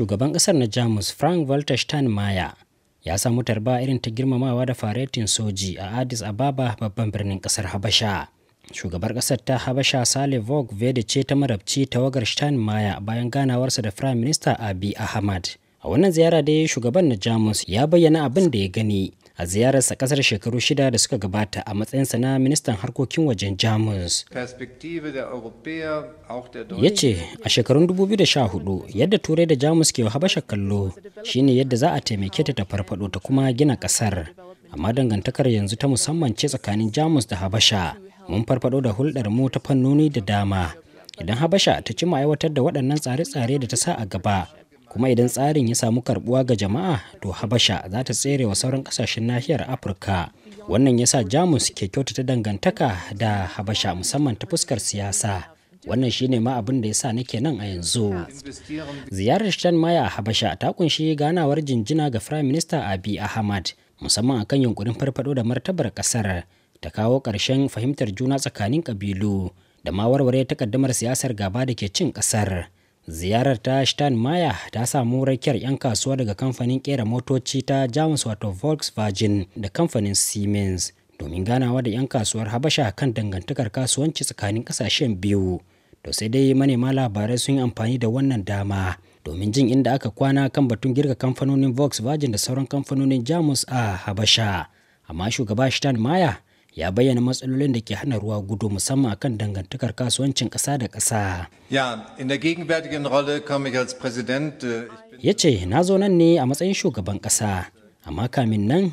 shugaban ƙasar na jamus frank walter steinmeier ya samu tarba irin ta girmamawa da faretin soji a addis ababa babban birnin ƙasar habasha shugabar ƙasar ta habasha sale vogue vede ce ta marabci tawagar steinmeier bayan ganawarsa da Firayim Minista abiy ahmad a wannan ziyara dai shugaban na jamus ya bayyana abin da ya gani a ziyararsa kasar shekaru shida da suka gabata a matsayinsa na ministan harkokin wajen jamus ya ce a shekarun 2014 yadda turai da jamus ke habasha kallo shine yadda za a taimake ta ta farfado ta kuma gina kasar amma dangantakar yanzu ta musamman ce tsakanin jamus da habasha mun farfado da hulɗar mu ta fannoni da dama idan habasha ta cima aiwatar da waɗannan tsare-tsare da ta sa a gaba kuma idan tsarin ya samu karbuwa ga jama'a to habasha za ta tsere wa sauran kasashen nahiyar afirka wannan yasa jamus ke kyautata dangantaka da habasha musamman ta fuskar siyasa wannan shine ma abin da ya sa nake nan a yanzu ziyarar Maya a habasha ta kunshi ganawar jinjina ga firayim minista abi ahmad musamman akan yunkurin farfado da martabar kasar ta kawo ƙarshen fahimtar juna tsakanin ƙabilu da ma warware takaddamar siyasar gaba da ke cin ƙasar ziyarar ta Maya ta samu rakiyar 'yan kasuwa daga kamfanin kera motoci ta jamus wato volkswagen da kamfanin siemens domin ganawa da 'yan kasuwar habasha kan dangantakar kasuwanci tsakanin kasashen biyu to sai dai manema labarai sun yi amfani da wannan dama domin jin inda aka kwana kan batun girka kamfanonin volkswagen da sauran kamfanonin jamus a habasha amma shugaba Maya. ya bayyana matsalolin da ke hana ruwa gudu musamman kan dangantakar kasuwancin ƙasa da ƙasa. Äh, ya ce, na zo nan ne a matsayin shugaban ƙasa, amma kamin nan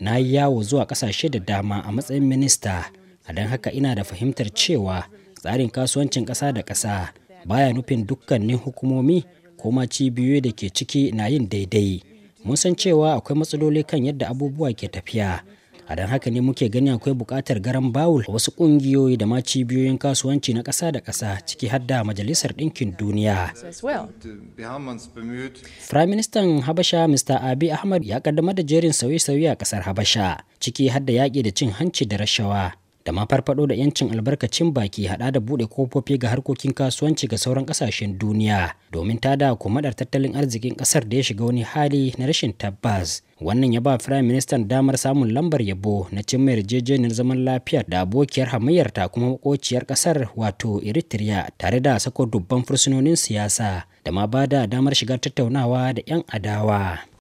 na yi yawo zuwa ƙasashe da dama a matsayin minista, a don haka ina da fahimtar cewa tsarin kasuwancin ƙasa da ƙasa baya nufin dukkanin hukumomi ko ma cibiyoyi da ke ciki na yin daidai. Mun san cewa akwai matsaloli kan yadda abubuwa ke tafiya. a don haka ne muke gani akwai buƙatar garan bawul a wasu ƙungiyoyi da ma cibiyoyin kasuwanci na ƙasa da ƙasa ciki har da majalisar ɗinkin duniya Prime Minister Habasha Mr. abi Ahmad ya kaddamar da jerin sauye-sauye a ƙasar Habasha ciki har da yaƙi da cin hanci da rashawa da ma farfado da yancin albarkacin baki hada da bude kofofi ga harkokin kasuwanci ga sauran kasashen duniya domin ta tada kumadar tattalin arzikin kasar da ya shiga wani hali na rashin tabbas wannan ya ba firayim ministan damar samun lambar yabo na cimma yarjejeniyar zaman lafiya da abokiyar hamayyar ta kuma makociyar kasar wato eritrea tare da sako dubban fursunonin siyasa da ma ba da damar shiga tattaunawa da 'yan adawa